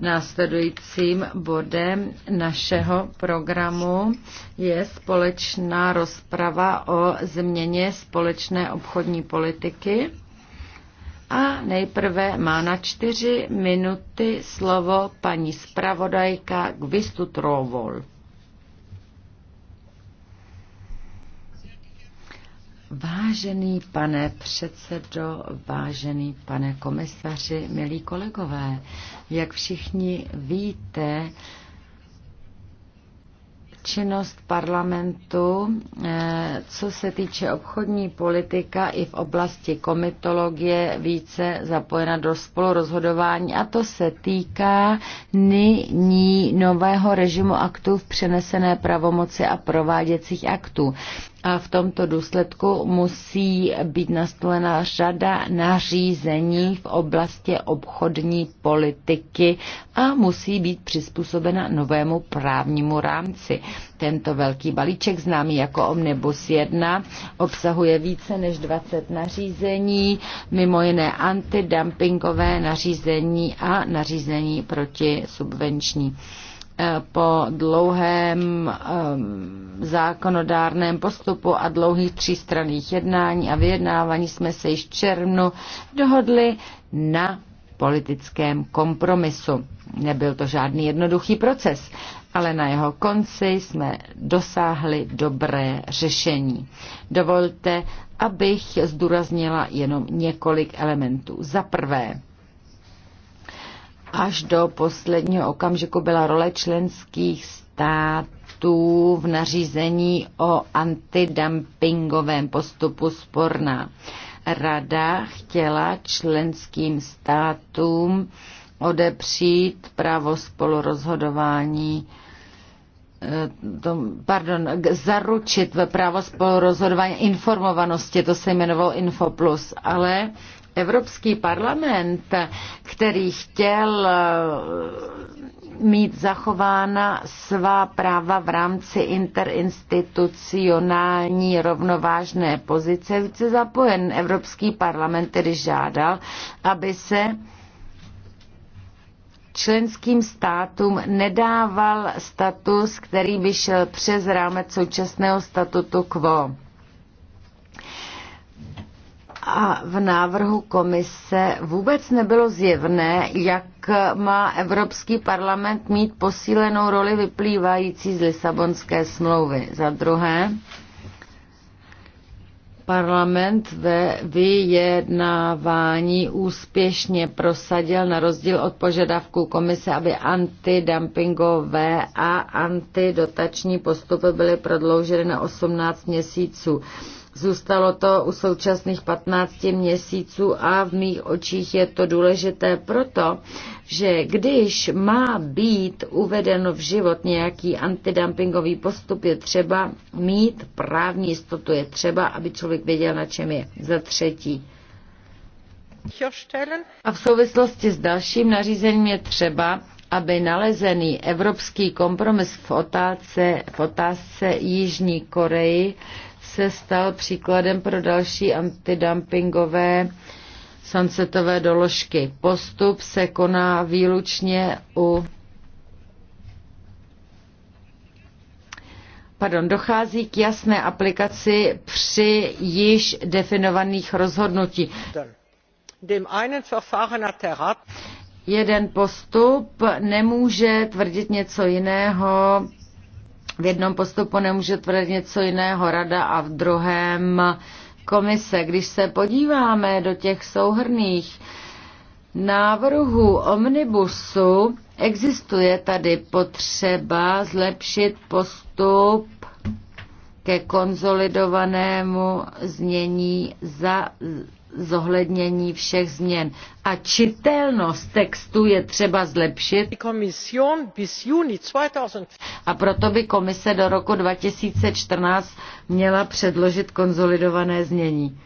Následujícím bodem našeho programu je společná rozprava o změně společné obchodní politiky. A nejprve má na čtyři minuty slovo paní zpravodajka Gvistutrovol. Trovol. Vážený pane předsedo, vážený pane komisaři, milí kolegové, jak všichni víte, činnost parlamentu, eh, co se týče obchodní politika i v oblasti komitologie, více zapojena do spolurozhodování a to se týká nyní nového režimu aktů v přenesené pravomoci a prováděcích aktů a v tomto důsledku musí být nastolená řada nařízení v oblasti obchodní politiky a musí být přizpůsobena novému právnímu rámci. Tento velký balíček, známý jako Omnibus 1, obsahuje více než 20 nařízení, mimo jiné antidumpingové nařízení a nařízení proti subvenční po dlouhém um, zákonodárném postupu a dlouhých třístranných jednání a vyjednávání jsme se již v červnu dohodli na politickém kompromisu. Nebyl to žádný jednoduchý proces, ale na jeho konci jsme dosáhli dobré řešení. Dovolte, abych zdůraznila jenom několik elementů. Za prvé, Až do posledního okamžiku byla role členských států v nařízení o antidumpingovém postupu sporná. Rada chtěla členským státům odepřít právo spolurozhodování eh, to, pardon, zaručit ve právo spolurozhodování informovanosti, to se jmenovalo InfoPlus, ale Evropský parlament, který chtěl eh, mít zachována svá práva v rámci interinstitucionální rovnovážné pozice, více zapojen. Evropský parlament tedy žádal, aby se členským státům nedával status, který by šel přes rámec současného statutu quo. A v návrhu komise vůbec nebylo zjevné, jak má Evropský parlament mít posílenou roli vyplývající z Lisabonské smlouvy. Za druhé, parlament ve vyjednávání úspěšně prosadil na rozdíl od požadavků komise, aby antidumpingové a antidotační postupy byly prodlouženy na 18 měsíců. Zůstalo to u současných 15 měsíců a v mých očích je to důležité proto, že když má být uveden v život nějaký antidumpingový postup, je třeba mít právní jistotu, je třeba, aby člověk věděl, na čem je. Za třetí. A v souvislosti s dalším nařízením je třeba, aby nalezený evropský kompromis v otázce, v otázce Jižní Koreji se stal příkladem pro další antidumpingové sunsetové doložky. Postup se koná výlučně u Pardon, dochází k jasné aplikaci při již definovaných rozhodnutí. Jeden postup nemůže tvrdit něco jiného v jednom postupu nemůže tvrdit něco jiného rada a v druhém komise. Když se podíváme do těch souhrných návrhů omnibusu, existuje tady potřeba zlepšit postup ke konzolidovanému znění za zohlednění všech změn. A čitelnost textu je třeba zlepšit. A proto by komise do roku 2014 měla předložit konzolidované změní.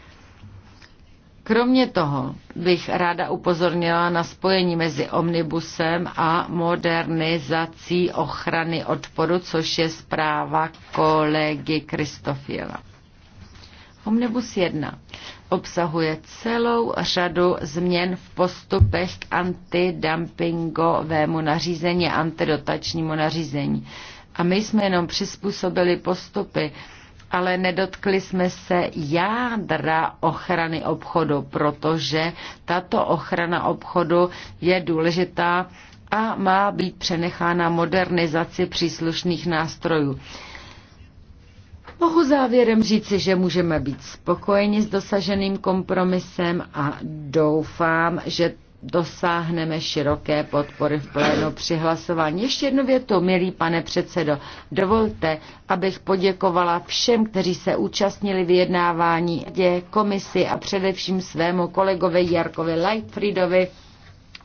Kromě toho bych ráda upozornila na spojení mezi omnibusem a modernizací ochrany odporu, což je zpráva kolegy Kristofiela. Omnibus 1 obsahuje celou řadu změn v postupech k antidumpingovému nařízení, antidotačnímu nařízení. A my jsme jenom přizpůsobili postupy, ale nedotkli jsme se jádra ochrany obchodu, protože tato ochrana obchodu je důležitá a má být přenechána modernizaci příslušných nástrojů. Mohu závěrem říci, že můžeme být spokojeni s dosaženým kompromisem a doufám, že dosáhneme široké podpory v plénu při hlasování. Ještě jednu větu, milý pane předsedo, dovolte, abych poděkovala všem, kteří se účastnili vyjednávání komisi a především svému kolegovi Jarkovi Lightfriedovi,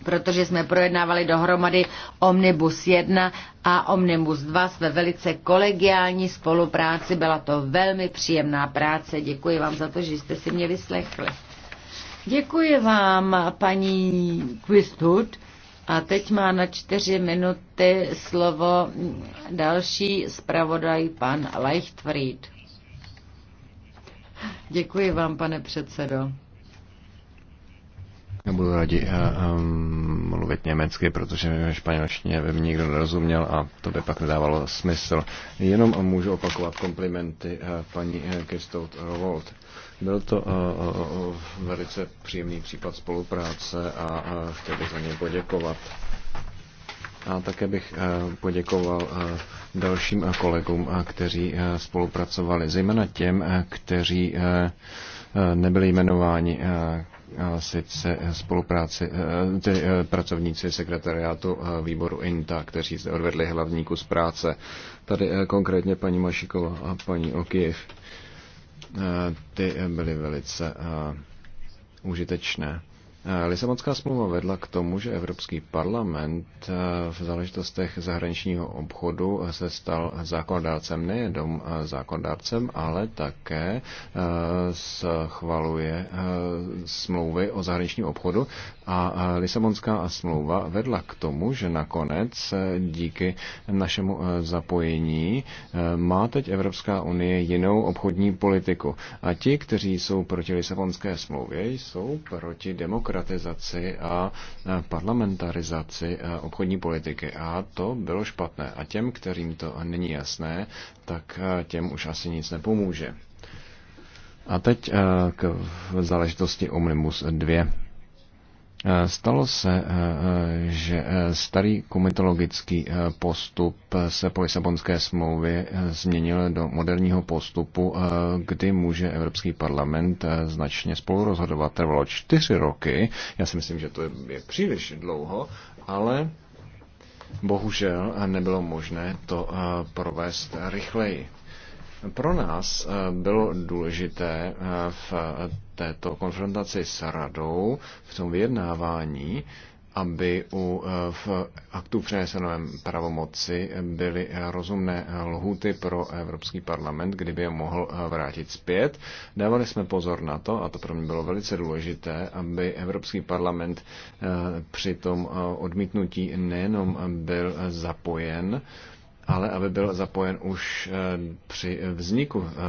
protože jsme projednávali dohromady Omnibus 1 a Omnibus 2 ve velice kolegiální spolupráci. Byla to velmi příjemná práce. Děkuji vám za to, že jste si mě vyslechli. Děkuji vám, paní Quistud. A teď má na čtyři minuty slovo další zpravodaj, pan Leichtfried. Děkuji vám, pane předsedo. Nebudu rádi uh, eh, um, eh, mluvit německy, protože španělštině by mě nikdo nerozuměl a to by pak nedávalo smysl. Jenom můžu opakovat komplimenty uh, paní Kirstout Rovold. Byl to uh, uh, velice příjemný případ spolupráce a uh, chtěl bych za něj poděkovat. A také bych poděkoval dalším kolegům, kteří spolupracovali, zejména těm, kteří Eh, nebyli jmenováni eh, sice spolupráci, eh, ty pracovníci sekretariátu výboru INTA, kteří zde odvedli hlavní kus práce. Tady konkrétně paní Mašikova a paní Okiv, Ty byly velice užitečné. Lisabonská smlouva vedla k tomu, že Evropský parlament eh, v záležitostech zahraničního obchodu se stal zákonodárcem nejenom eh, zákonodárcem, ale také eh, schvaluje smlouvy o zahraničním obchodu a Lisabonská smlouva vedla k tomu, že nakonec díky našemu zapojení má teď Evropská unie jinou obchodní politiku. A ti, kteří jsou proti Lisabonské smlouvě, jsou proti demokracii byrokratizaci a e, parlamentarizaci e, obchodní politiky. A to bylo špatné. A těm, kterým to není jasné, tak e, těm už asi nic nepomůže. A teď k záležitosti Omnibus 2. Eh, stalo se, eh, eh, že starý komitologický postup se po Lisabonské smlouvě změnil do moderního postupu, kdy může Evropský parlament značně spolurozhodovat. Trvalo čtyři roky, já si myslím, že to je příliš dlouho, ale bohužel nebylo možné to provést rychleji. Pro nás eh, bylo důležité eh, v eh, této konfrontaci s radou, v tom vyjednávání, aby u v aktu přeneseném pravomoci byly rozumné lhuty pro Evropský parlament, kdyby je mohl vrátit zpět. Dávali jsme pozor na to, a to pro mě bylo velice důležité, aby Evropský parlament při tom odmítnutí nejenom byl zapojen, ale aby byl zapojen už eh, při vzniku eh,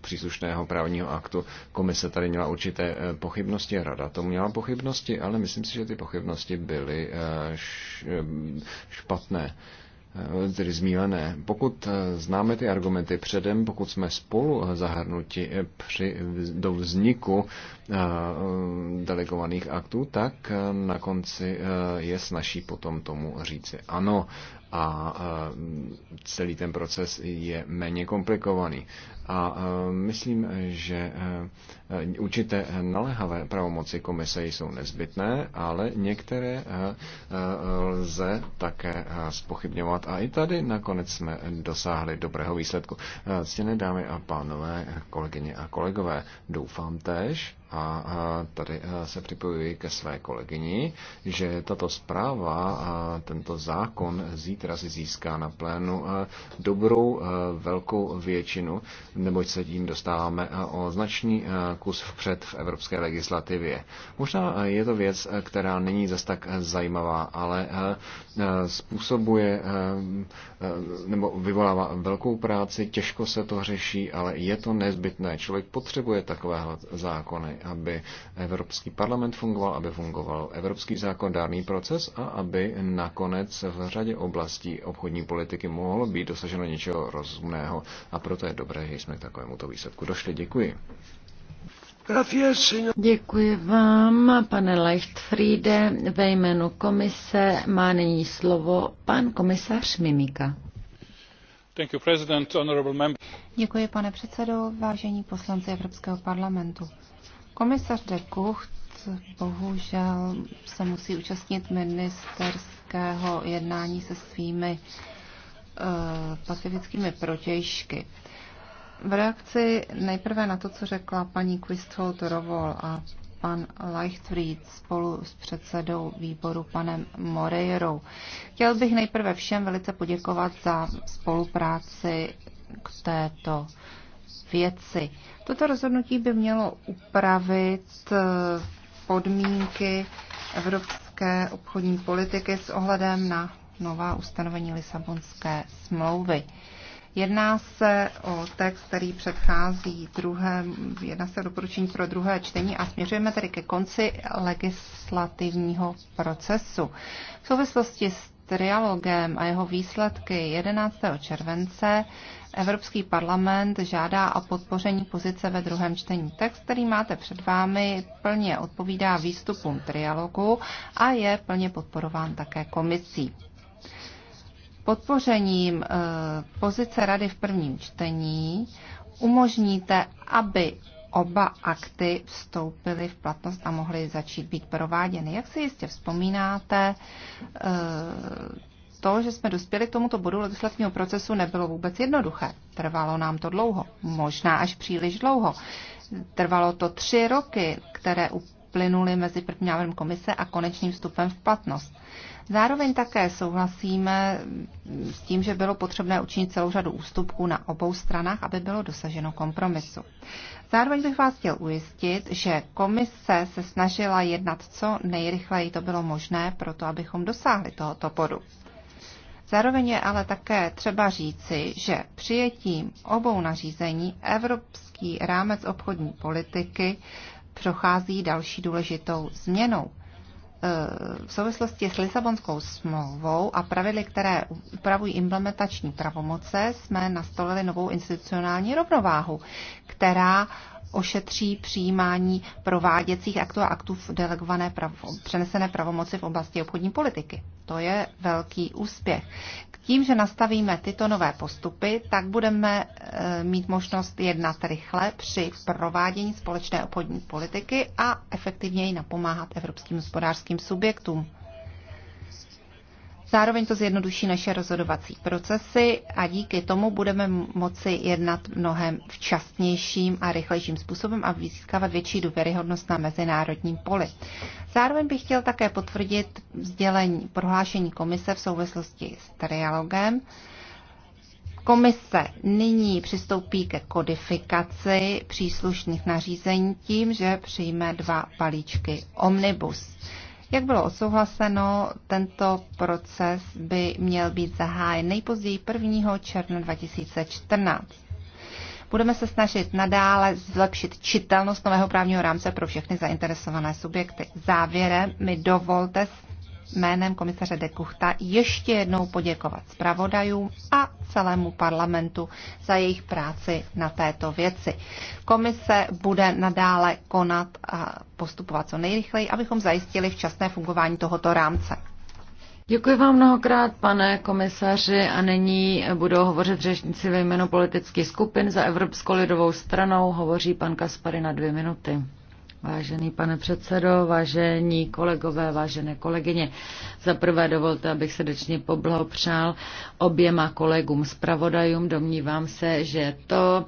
příslušného právního aktu. Komise tady měla určité eh, pochybnosti, rada to měla pochybnosti, ale myslím si, že ty pochybnosti byly špatné tedy zmílené. Pokud známe ty argumenty předem, pokud jsme spolu zahrnuti při, do vzniku delegovaných aktů, tak na konci je snaží potom tomu říci ano a eh, celý ten proces je méně komplikovaný. A e, myslím, že e, určité naléhavé pravomoci komise jsou nezbytné, ale některé e, lze také spochybňovat. A i tady nakonec jsme dosáhli dobrého výsledku. Ctěné dámy a pánové, kolegyně a kolegové, doufám též, a tady se připojuji ke své kolegyni, že tato zpráva a tento zákon zítra si získá na plénu dobrou velkou většinu, neboť se tím dostáváme eh, o značný eh, kus vpřed v evropské legislativě. Možná eh, je to věc, která není zas tak zajímavá, ale způsobuje nebo vyvolává velkou práci, těžko se to řeší, ale je to nezbytné. Člověk potřebuje takovéhle zákony, aby Evropský parlament fungoval, aby fungoval evropský zákonodárný proces a aby nakonec v řadě oblastí obchodní politiky mohlo být dosaženo něčeho rozumného. A proto je dobré, že jsme k takovému to výsledku došli. Děkuji. Děkuji vám, pane Leichtfriede. Ve jménu komise má nyní slovo pan komisař Mimika. Thank you, President, honorable member. Děkuji, pane předsedo, vážení poslanci Evropského parlamentu. Komisař de Kucht bohužel se musí účastnit ministerského jednání se svými uh, pacifickými protějšky. Uh, v reakci nejprve na to, co řekla paní Quistholterovol a pan Leichtfried spolu s předsedou výboru panem Moreirou. Chtěl bych nejprve všem velice poděkovat za spolupráci k této věci. Toto rozhodnutí by mělo upravit eh, podmínky evropské obchodní politiky s ohledem na nová ustanovení Lisabonské smlouvy. Jedná se o text, který předchází druhé, jedná se o doporučení pro druhé čtení a směřujeme tedy ke konci legislativního procesu. V souvislosti s trialogem a jeho výsledky 11. července Evropský parlament žádá o podpoření pozice ve druhém čtení. Text, který máte před vámi, plně odpovídá výstupům trialogu a je plně podporován také komisí podpořením eh, pozice rady v prvním čtení umožníte, aby oba akty vstoupily v platnost a mohly začít být prováděny. Jak si jistě vzpomínáte, eh, to, že jsme dospěli k tomuto bodu legislativního procesu, nebylo vůbec jednoduché. Trvalo nám to dlouho, možná až příliš dlouho. Trvalo to tři roky, které uplynuly mezi prvním návrhem komise a konečným vstupem v platnost. Zároveň také souhlasíme s tím, že bylo potřebné učinit celou řadu ústupků na obou stranách, aby bylo dosaženo kompromisu. Zároveň bych vás chtěl ujistit, že komise se snažila jednat co nejrychleji to bylo možné, proto abychom dosáhli tohoto bodu. Zároveň je ale také třeba říci, že přijetím obou nařízení Evropský rámec obchodní politiky prochází další důležitou změnou. Eh, v souvislosti s Lisabonskou smlouvou a pravidly, které upravují implementační pravomoce, jsme nastolili novou institucionální rovnováhu, která ošetří přijímání prováděcích aktů a aktů v delegované pravo, přenesené pravomoci v oblasti obchodní politiky. To je velký úspěch. Tím, že nastavíme tyto nové postupy, tak budeme e, mít možnost jednat rychle při provádění společné obchodní politiky a efektivněji napomáhat evropským hospodářským subjektům. Zároveň to zjednoduší naše rozhodovací procesy a díky tomu budeme moci jednat mnohem včasnějším a rychlejším způsobem a získávat větší důvěryhodnost na mezinárodním poli. Zároveň bych chtěl také potvrdit sdělení prohlášení komise v souvislosti s trialogem. Komise nyní přistoupí ke kodifikaci příslušných nařízení tím, že přijme dva balíčky omnibus. Jak bylo odsouhlaseno, tento proces by měl být zahájen nejpozději 1. června 2014. Budeme se snažit nadále zlepšit čitelnost nového právního rámce pro všechny zainteresované subjekty. Závěrem mi dovolte jménem komisaře de Kuchta ještě jednou poděkovat zpravodajům a celému parlamentu za jejich práci na této věci. Komise bude nadále konat a postupovat co nejrychleji, abychom zajistili včasné fungování tohoto rámce. Děkuji vám mnohokrát, pane komisaři, a nyní budou hovořit řečníci ve jménu politických skupin. Za Evropskou lidovou stranou hovoří pan Kaspary na dvě minuty. Vážený pane předsedo, vážení kolegové, vážené kolegyně, za prvé dovolte, abych srdečně poblahopřál oběma kolegům zpravodajům. Domnívám se, že to,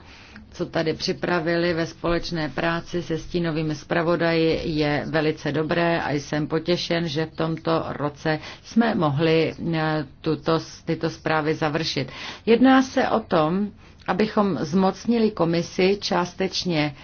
co tady připravili ve společné práci se stínovými zpravodaji, je velice dobré a jsem potěšen, že v tomto roce jsme mohli eh, tuto, tyto zprávy završit. Jedná se o tom, abychom zmocnili komisi částečně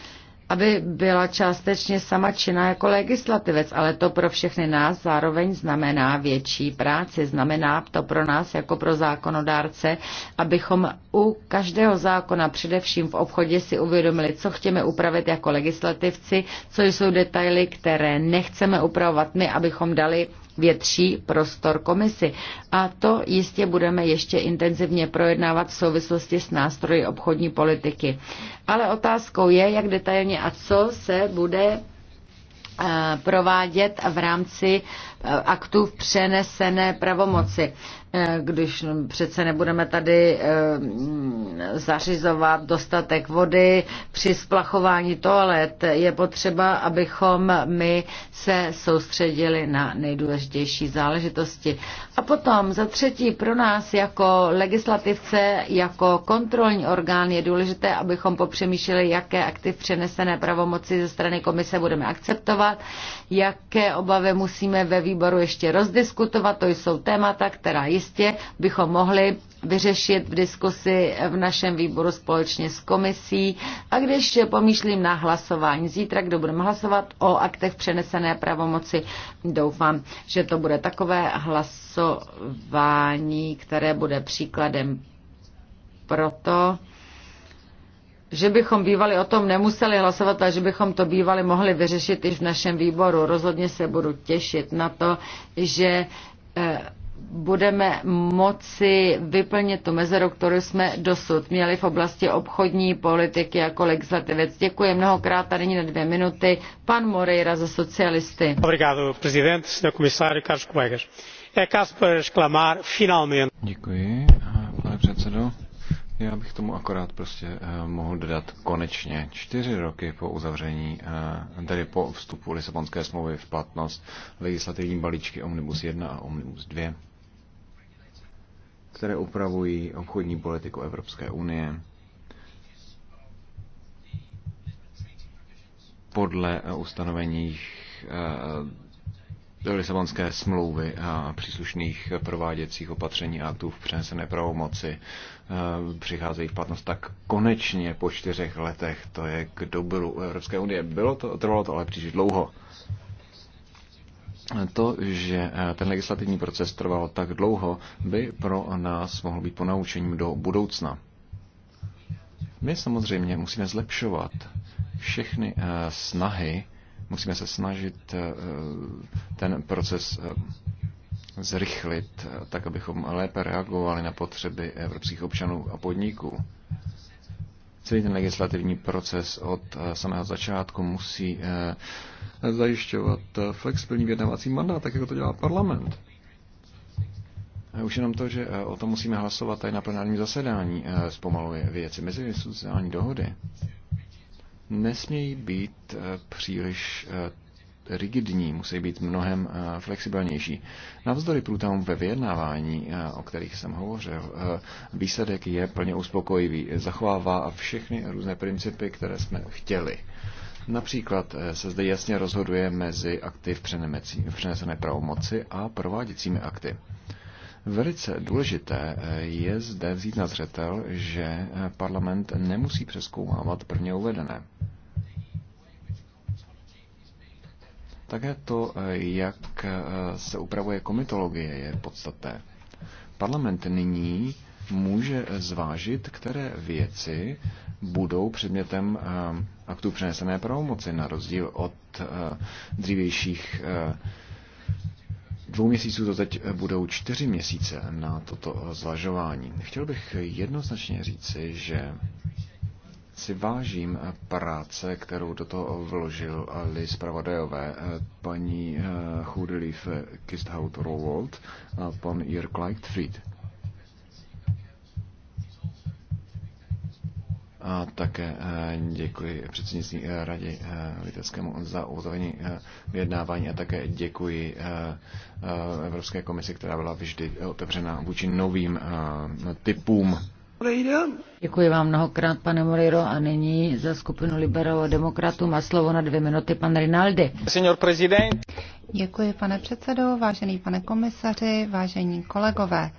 aby byla částečně sama činná jako legislativec, ale to pro všechny nás zároveň znamená větší práci. Znamená to pro nás jako pro zákonodárce, abychom u každého zákona, především v obchodě, si uvědomili, co chceme upravit jako legislativci, co jsou detaily, které nechceme upravovat my, abychom dali větší prostor komisy. A to jistě budeme ještě intenzivně projednávat v souvislosti s nástroji obchodní politiky. Ale otázkou je, jak detailně a co se bude eh, provádět v rámci Eh, aktů v přenesené pravomoci. Eh, když přece nebudeme tady eh, zařizovat dostatek vody při splachování toalet, je potřeba, abychom my se soustředili na nejdůležitější záležitosti. A potom za třetí pro nás jako legislativce, jako kontrolní orgán je důležité, abychom popřemýšleli, jaké akty v přenesené pravomoci ze strany komise budeme akceptovat, jaké obavy musíme ve výboru ještě rozdiskutovat. To jsou témata, která jistě bychom mohli vyřešit v diskusi v našem výboru společně s komisí. A když pomýšlím na hlasování zítra, kdo budeme hlasovat o aktech přenesené pravomoci, doufám, že to bude takové hlasování, které bude příkladem proto, že bychom bývali o tom nemuseli hlasovat, ale že bychom to bývali mohli vyřešit i v našem výboru. Rozhodně se budu těšit na to, že eh, budeme moci vyplnit tu mezeru, kterou jsme dosud měli v oblasti obchodní politiky jako legislativec. Děkuji mnohokrát tady na dvě minuty pan Moreira za socialisty. Obrigado, prezident, senhor komisário, caros colegas. É caso para exclamar, finalmente. Děkuji, pane předsedo. Já bych tomu akorát prostě eh, mohl dodat konečně čtyři roky po uzavření, eh, tedy po vstupu Lisabonské smlouvy v platnost legislativní balíčky Omnibus 1 a Omnibus 2, které upravují obchodní politiku Evropské unie podle eh, ustanovení Lisabonské smlouvy a příslušných prováděcích opatření a aktů v přenesené pravomoci eh, přicházejí v platnost tak konečně po čtyřech letech. To je k dobru Evropské unie. Bylo to, trvalo to ale příliš dlouho. To, že eh, ten legislativní proces trval tak dlouho, by pro nás mohlo být ponaučením do budoucna. My samozřejmě musíme zlepšovat všechny eh, snahy, Musíme se snažit eh, ten proces eh, zrychlit, eh, tak abychom lépe reagovali na potřeby evropských občanů a podniků. Celý ten legislativní proces od samého začátku musí zajišťovat flexibilní vědnavací mandát, tak jako to dělá parlament. Už jenom to, že o tom musíme hlasovat tady na plenárním zasedání, zpomaluje věci. Mezi sociální dohody nesmějí být eh, příliš eh, rigidní, musí být mnohem eh, flexibilnější. Navzdory průtahům ve vyjednávání, o kterých jsem hovořil, výsledek je plně uspokojivý. Zachovává všechny různé principy, které jsme chtěli. Například se zde jasně rozhoduje mezi akty v přenesené pravomoci a prováděcími akty. Velice důležité eh, je zde vzít na zřetel, že eh, parlament nemusí přeskoumávat prvně uvedené. Také to, eh, jak se upravuje komitologie, je podstatné. Parlament nyní může zvážit, které věci budou předmětem aktu přenesené pravomoci, na rozdíl od dřívějších dvou měsíců to teď budou čtyři měsíce na toto eh, zvažování. Chtěl bych jednoznačně říci, že si vážím eh, práce, kterou do toho vložil Ali eh, Spravodajové, paní Chudelief Kisthout, Rowold a pan Jirk Leichtfried. A také eh, děkuji předsednictví eh, radě eh, Litevskému za uzavření vyjednávání a také děkuji Evropské komisi, která byla vždy otevřena vůči novým typům. Děkuji vám mnohokrát, pane Moliro, a nyní za skupinu liberálů demokratů má slovo na dvě minuty pan Rinaldi. Senior prezident. Děkuji, pane předsedo, vážený pane komisaři, vážení kolegové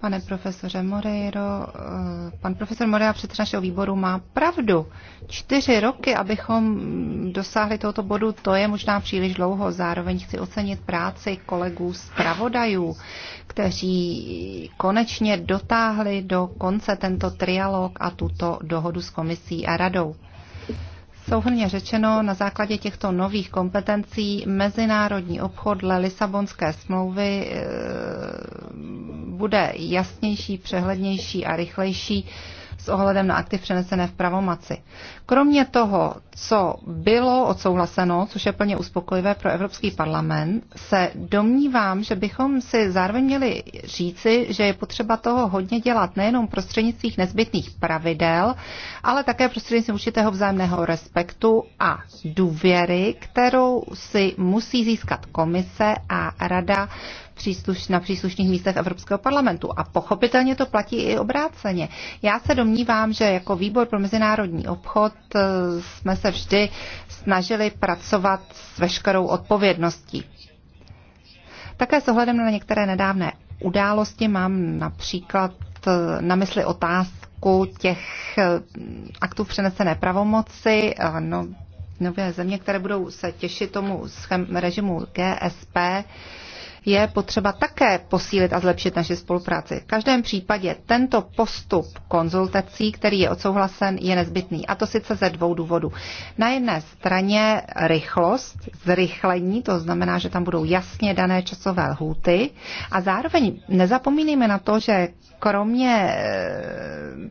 pane profesore Moreiro. Eh, pan profesor Moreira předseda našeho výboru má pravdu. Čtyři roky, abychom dosáhli tohoto bodu, to je možná příliš dlouho. Zároveň chci ocenit práci kolegů z pravodajů, kteří konečně dotáhli do konce tento trialog a tuto dohodu s komisí a radou. Souhrně řečeno, na základě těchto nových kompetencí mezinárodní obchod dle Lisabonské smlouvy e, bude jasnější, přehlednější a rychlejší s ohledem na akty přenesené v pravomaci. Kromě toho, co bylo odsouhlaseno, což je plně uspokojivé pro Evropský parlament, se domnívám, že bychom si zároveň měli říci, že je potřeba toho hodně dělat nejenom prostřednictvím nezbytných pravidel, ale také prostřednictvím určitého vzájemného respektu a důvěry, kterou si musí získat komise a rada přísluš, na příslušných místech Evropského parlamentu. A pochopitelně to platí i obráceně. Já se domnívám, že jako výbor pro mezinárodní obchod eh, jsme se vždy snažili pracovat s veškerou odpovědností. Také s ohledem na některé nedávné události mám například eh, na mysli otázku těch eh, aktů přenesené pravomoci. No, nové země, které budou se těšit tomu režimu GSP, je potřeba také posílit a zlepšit naši spolupráci. V každém případě tento postup konzultací, který je odsouhlasen, je nezbytný. A to sice ze dvou důvodů. Na jedné straně rychlost, zrychlení, to znamená, že tam budou jasně dané časové lhůty. A zároveň nezapomínejme na to, že kromě eh,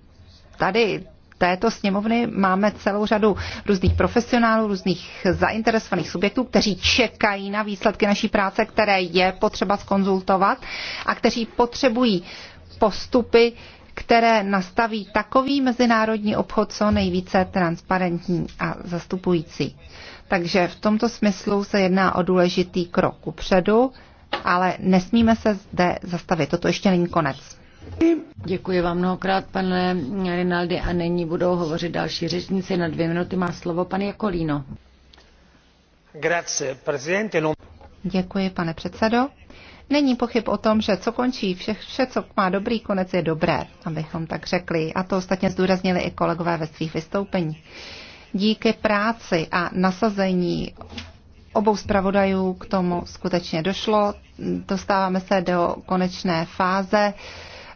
tady této sněmovny máme celou řadu různých profesionálů, různých zainteresovaných subjektů, kteří čekají na výsledky naší práce, které je potřeba skonzultovat a kteří potřebují postupy, které nastaví takový mezinárodní obchod co nejvíce transparentní a zastupující. Takže v tomto smyslu se jedná o důležitý krok upředu, ale nesmíme se zde zastavit. Toto ještě není konec. Děkuji vám mnohokrát, pane Rinaldi, a nyní budou hovořit další řečníci. Na dvě minuty má slovo pan Jakolíno. Děkuji, pane předsedo. Není pochyb o tom, že co končí, vše, vše, co má dobrý konec, je dobré, abychom tak řekli. A to ostatně zdůraznili i kolegové ve svých vystoupení. Díky práci a nasazení obou zpravodajů k tomu skutečně došlo. Dostáváme se do konečné fáze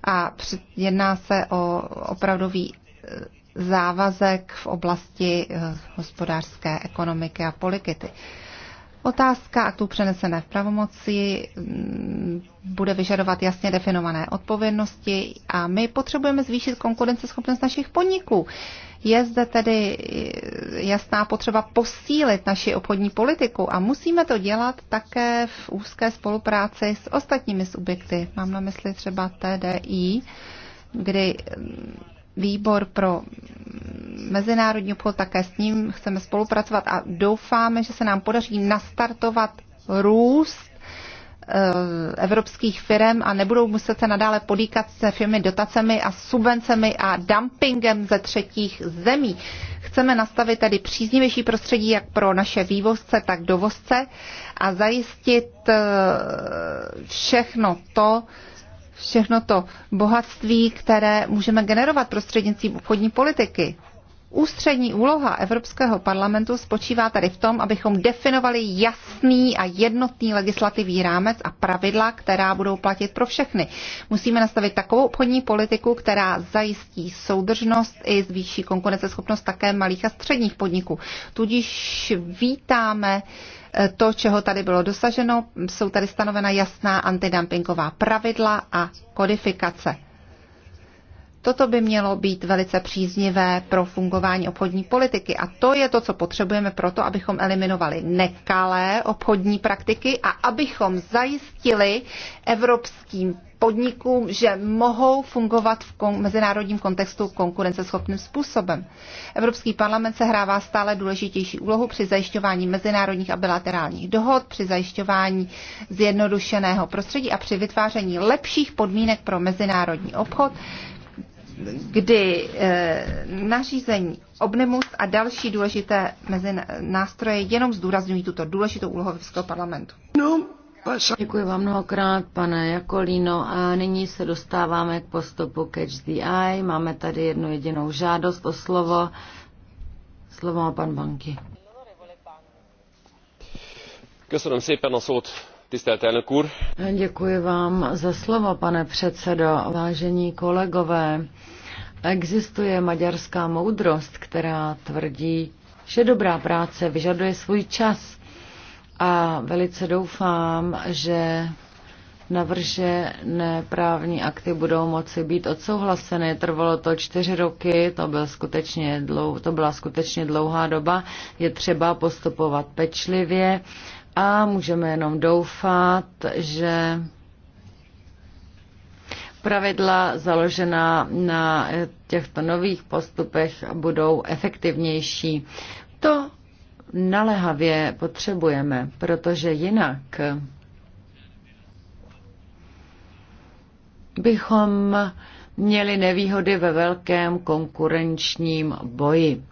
a jedná se o opravdový e, závazek v oblasti e, hospodářské ekonomiky a politiky. Otázka aktů přenesené v pravomoci mm, bude vyžadovat jasně definované odpovědnosti a my potřebujeme zvýšit konkurenceschopnost našich podniků. Je zde tedy jasná potřeba posílit naši obchodní politiku a musíme to dělat také v úzké spolupráci s ostatními subjekty. Mám na mysli třeba TDI, kdy výbor pro mezinárodní obchod, také s ním chceme spolupracovat a doufáme, že se nám podaří nastartovat růst eh, evropských firm a nebudou muset se nadále podíkat se firmy dotacemi a subvencemi a dumpingem ze třetích zemí. Chceme nastavit tedy příznivější prostředí jak pro naše vývozce, tak dovozce a zajistit eh, všechno to, všechno to bohatství, které můžeme generovat prostřednictvím obchodní politiky. Ústřední úloha Evropského parlamentu spočívá tady v tom, abychom definovali jasný a jednotný legislativní rámec a pravidla, která budou platit pro všechny. Musíme nastavit takovou obchodní politiku, která zajistí soudržnost i zvýší konkurenceschopnost také malých a středních podniků. Tudíž vítáme uh, Eh, to, čeho tady bylo dosaženo. Jsou tady stanovena jasná antidumpingová pravidla a kodifikace. Toto by mělo být velice příznivé pro fungování obchodní politiky a to je to, co potřebujeme proto, abychom eliminovali nekalé obchodní praktiky a abychom zajistili evropským podnikům, že mohou fungovat v kon- mezinárodním kontextu konkurenceschopným způsobem. Evropský parlament se hrává stále důležitější úlohu při zajišťování mezinárodních a bilaterálních dohod, při zajišťování zjednodušeného prostředí a při vytváření lepších podmínek pro mezinárodní obchod, kdy eh, nařízení obnemus a další důležité mezi nástroje jenom zdůrazňují tuto důležitou úlohu Evropského parlamentu. No, Děkuji vám mnohokrát, pane Jakolíno. A nyní se dostáváme k postupu Catch the Eye. Máme tady jednu jedinou žádost o slovo. Slovo má pan Banky. Köszönöm szépen a szót, Děkuji vám za slovo, pane předsedo, vážení kolegové. Existuje maďarská moudrost, která tvrdí, že dobrá práce vyžaduje svůj čas. A velice doufám, že navržené právní akty budou moci být odsouhlaseny. Trvalo to čtyři roky, to, byl skutečně dlou, to byla skutečně dlouhá doba. Je třeba postupovat pečlivě a můžeme jenom doufat, že pravidla založená na těchto nových postupech budou efektivnější. To nalehavě potřebujeme, protože jinak bychom měli nevýhody ve velkém konkurenčním boji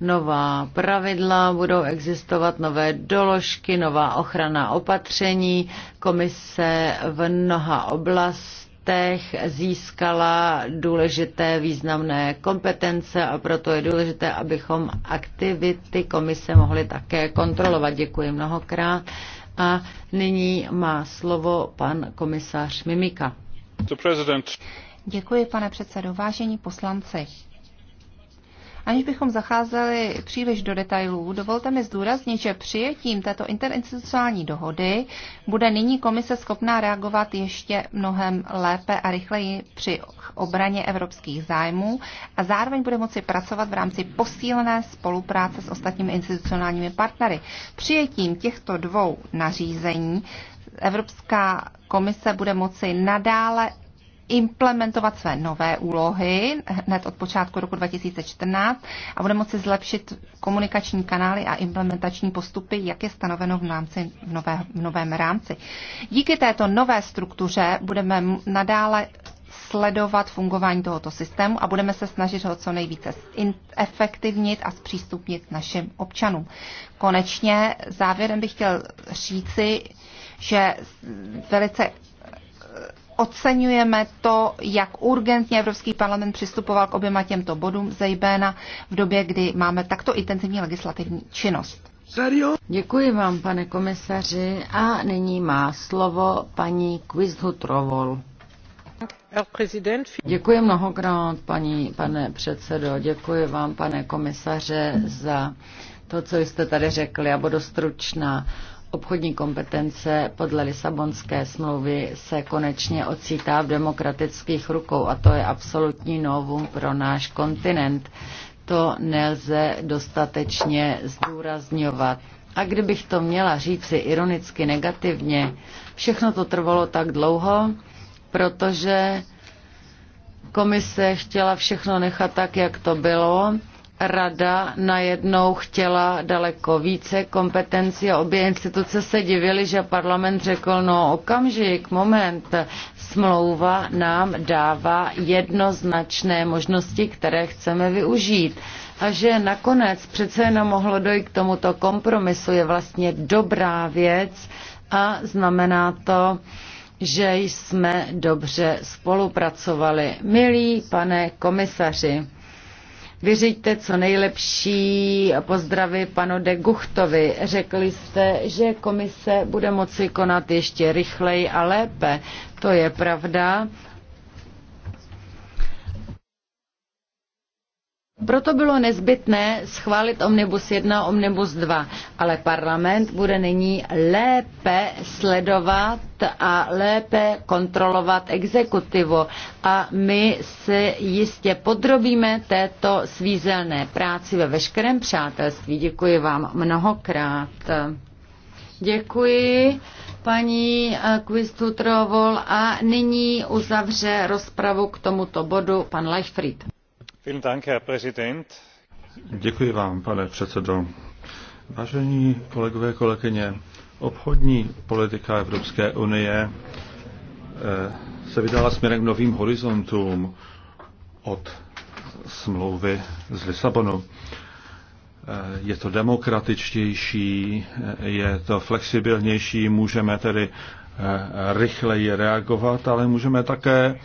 nová pravidla, budou existovat nové doložky, nová ochrana opatření. Komise v mnoha oblastech získala důležité významné kompetence a proto je důležité, abychom aktivity komise mohli také kontrolovat. Děkuji mnohokrát. A nyní má slovo pan komisář Mimika. Děkuji, pane předsedo. Vážení poslanci, Aniž bychom zacházeli příliš do detailů, dovolte mi zdůraznit, že přijetím této interinstitucionální dohody bude nyní komise schopná reagovat ještě mnohem lépe a rychleji při obraně evropských zájmů a zároveň bude moci pracovat v rámci posílené spolupráce s ostatními institucionálními partnery. Přijetím těchto dvou nařízení Evropská komise bude moci nadále implementovat své nové úlohy hned od počátku roku 2014 a bude moci zlepšit komunikační kanály a implementační postupy, jak je stanoveno v, námci, v, nové, v novém rámci. Díky této nové struktuře budeme nadále sledovat fungování tohoto systému a budeme se snažit ho co nejvíce efektivnit a zpřístupnit našim občanům. Konečně závěrem bych chtěl říci, že velice oceňujeme to, jak urgentně Evropský parlament přistupoval k oběma těmto bodům, zejména v době, kdy máme takto intenzivní legislativní činnost. Děkuji vám, pane komisaři, a nyní má slovo paní Quisthutrovol. Děkuji mnohokrát, paní, pane předsedo, děkuji vám, pane komisaře, za to, co jste tady řekli. a budu stručná obchodní kompetence podle Lisabonské smlouvy se konečně ocitá v demokratických rukou a to je absolutní novum pro náš kontinent. To nelze dostatečně zdůrazňovat. A kdybych to měla říct si ironicky negativně, všechno to trvalo tak dlouho, protože komise chtěla všechno nechat tak, jak to bylo rada najednou chtěla daleko více kompetencí a obě instituce se divily, že parlament řekl, no okamžik, moment, smlouva nám dává jednoznačné možnosti, které chceme využít. A že nakonec přece jenom mohlo dojít k tomuto kompromisu je vlastně dobrá věc a znamená to, že jsme dobře spolupracovali. Milí pane komisaři, Vyřiďte co nejlepší pozdravy panu de Guchtovi. Řekli jste, že komise bude moci konat ještě rychleji a lépe. To je pravda Proto bylo nezbytné schválit Omnibus 1 a Omnibus 2, ale parlament bude nyní lépe sledovat a lépe kontrolovat exekutivu a my se jistě podrobíme této svízelné práci ve veškerém přátelství. Děkuji vám mnohokrát. Děkuji paní Kvistutrovol a nyní uzavře rozpravu k tomuto bodu pan Leichfried. Děkuji vám, pane předsedající kolegové, obchodní politika Evropské unie eh, se vydala směrem k novým horizontům od smlouvy z Lisabonu. Eh, je to demokratičtější, eh, je to flexibilnější, můžeme tedy rychleji reagovat, ale můžeme také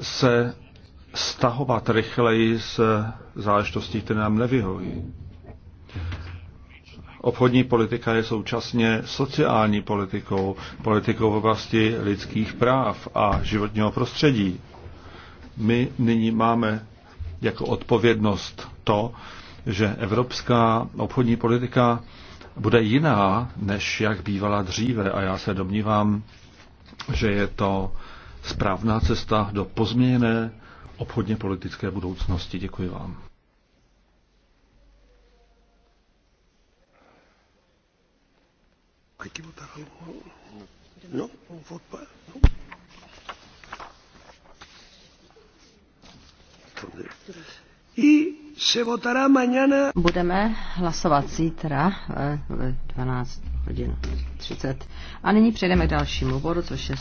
se stahovat rychleji z záležitostí, které nám nevyhoví. Obchodní politika je současně sociální politikou, politikou v oblasti lidských práv a životního prostředí. My nyní máme jako odpovědnost to, že evropská obchodní politika bude jiná, než jak bývala dříve. A já se domnívám, že je to správná cesta do pozměněné obchodně politické budoucnosti. Děkuji vám. No, no, no, Budeme hlasovat zítra eh, v 12 hodin 30. A nyní přejdeme k dalšímu bodu, což je